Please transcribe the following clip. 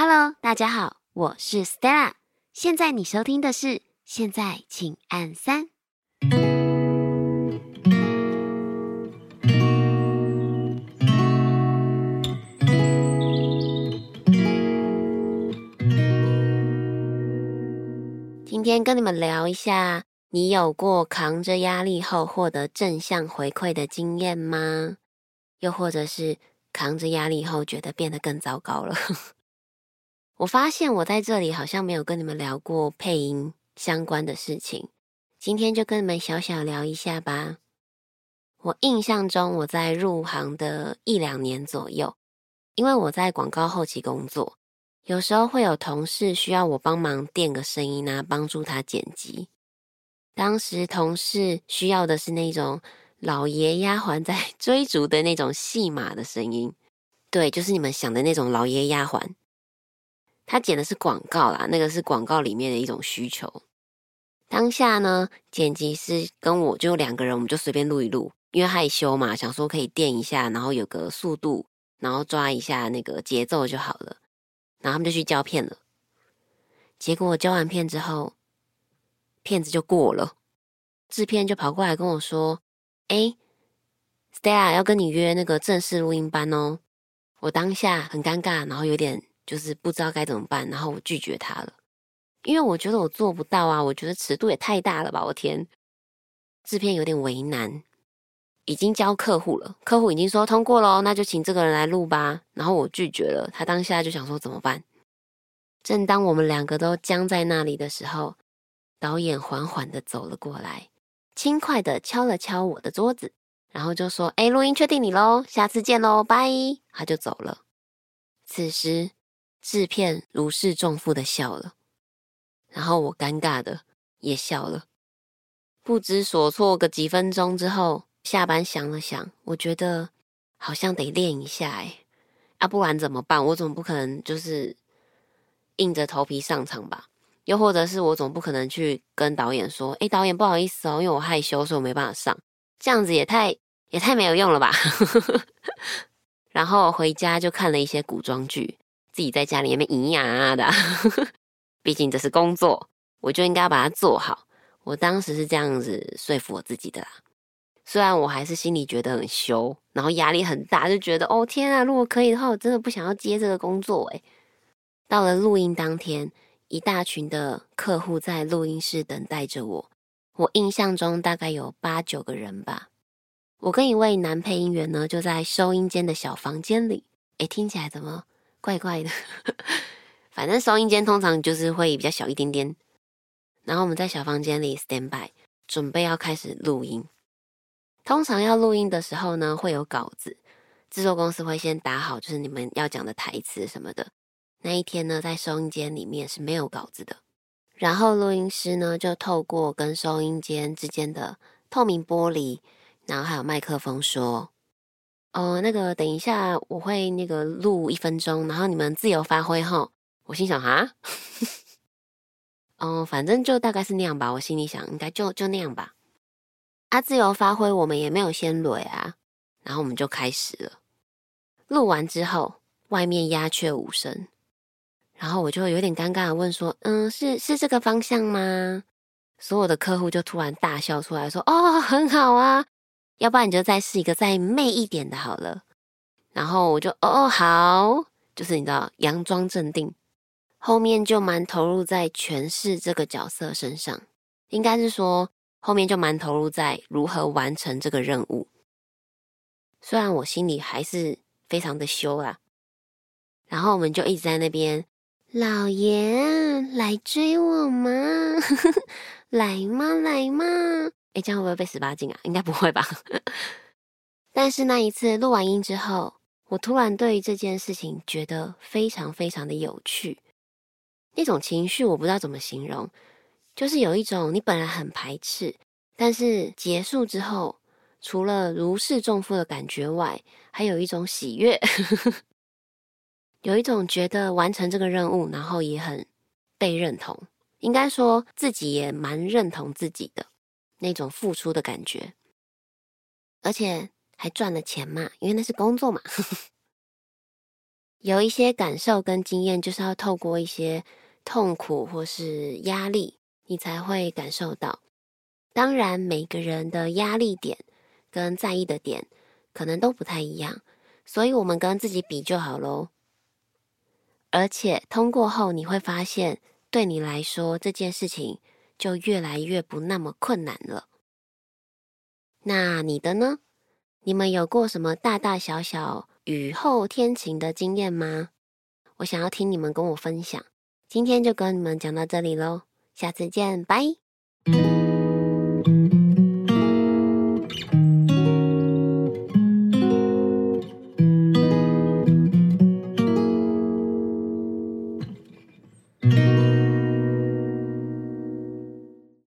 Hello，大家好，我是 Stella。現在你收聽的是，現在請按三。今天跟你們聊一下，你有過扛着壓力後獲得正向回饋的經驗嗎？又或者是扛着壓力後覺得變得更糟糕了？我發現我在這裡好像沒有跟你們聊過配音相關的事情，今天就跟你們小小聊一下吧。我印象中我在入行的一兩年左右，因為我在廣告後期工作，有時候會有同事需要我幫忙墊個聲音呢、啊，幫助他剪輯。當時同事需要的是那種老爺丫鬟在追逐的那種戲碼的聲音，對，就是你們想的那種老爺丫鬟。他剪的是廣告啦，那個是廣告裡面的一種需求。當下呢，剪輯師跟我就兩個人，我們就隨便錄一錄，因為害羞嘛，想說可以墊一下，然後有個速度，然後抓一下那個節奏就好了。然後他們就去交片了，結果交完片之後，片子就過了，制片就跑過來跟我說：“誒，Stella，要跟你約那個正式錄音班哦。”我當下很尷尬，然後有點。就是不知道該怎麼辦，然後我拒絕他了，因為我覺得我做不到啊，我覺得尺度也太大了吧，我天，制片有點為難，已經交客戶了，客戶已經說通過嘍，那就請這個人來錄吧，然後我拒絕了，他當下就想說怎麼辦？正當我們兩個都僵在那裡的時候，導演緩緩地走了過來，輕快地敲了敲我的桌子，然後就說：“哎，錄音確定你嘍，下次見嘍，拜拜。”他就走了。此時。製片如釋重負的笑了，然後我尷尬的也笑了，不知所措，個幾分鐘之後，下班想了想，我覺得好像得練一下欸，啊不然怎麼辦？我總不可能就是硬着頭皮上場吧？又或者是我總不可能去跟導演說，欸，導演不好意思哦，因為我害羞，所以我沒辦法上。這樣子也太也太沒有用了吧？ 然後回家就看了一些古裝劇。自己在家裡面營養、嗯、啊啊的啊， 畢竟這是工作，我就應該要把它做好。我當時是這樣子說服我自己的啦，雖然我還是心裡覺得很羞，然後壓力很大，就覺得哦天啊，如果可以的話，我真的不想要接這個工作。到了錄音當天，一大群的客戶在錄音室等待着我，我印象中大概有八九個人吧。我跟一位男配音員呢，就在收音間的小房間裡，哎，聽起來怎麼？怪怪的，反正收音間通常就是會比較小一點點，然後我們在小房間裡 stand by，準備要開始錄音。通常要錄音的時候呢，會有稿子，制作公司會先打好，就是你們要講的台詞什麼的。那一天呢，在收音間裡面是沒有稿子的，然後錄音師呢就透過跟收音間之間的透明玻璃，然後還有麥克風說。哦，那個，等一下我會那個錄一分鐘，然後你們自由發揮，後我心想哈， 哦，反正就大概是那樣吧。我心裡想，應該就就那樣吧。啊，自由發揮，我們也沒有先累啊。然後我們就開始了。錄完之後，外面鴉雀無聲，然後我就有點尷尬的問說：“嗯，是是這個方向嗎？”所有的客戶就突然大笑出來說：“哦，很好啊。”要不然你就再試一個再媚一點的好了，然後我就哦哦好，就是你知道，佯裝鎮定，後面就蠻投入在詮釋這個角色身上，應該是說後面就蠻投入在如何完成這個任務。雖然我心裡還是非常的羞啦、啊，然後我們就一直在那邊，老爺來追我嘛， 來嘛來嘛。誒，這樣會不會被十八禁啊？應該不會吧。 但是那一次錄完音之後，我突然對於這件事情覺得非常非常的有趣，那種情緒我不知道怎麼形容，就是有一種你本來很排斥，但是結束之後，除了如釋重負的感覺外，還有一種喜悅， 有一種覺得完成這個任務，然後也很被認同，應該說自己也蠻認同自己的。那種付出的感覺，而且還賺了錢嘛，因為那是工作嘛。呵呵，有一些感受跟經驗，就是要透過一些痛苦或是壓力，你才會感受到。當然，每個人的壓力點跟在意的點可能都不太一樣，所以我們跟自己比就好咯。而且通過後，你會發現，對你來說這件事情。就越來越不那麼困難了。那你的呢？你們有過什麼大大小小雨後天晴的經驗嗎？我想要聽你們跟我分享。今天就跟你們講到這裡嘍，下次見，拜拜。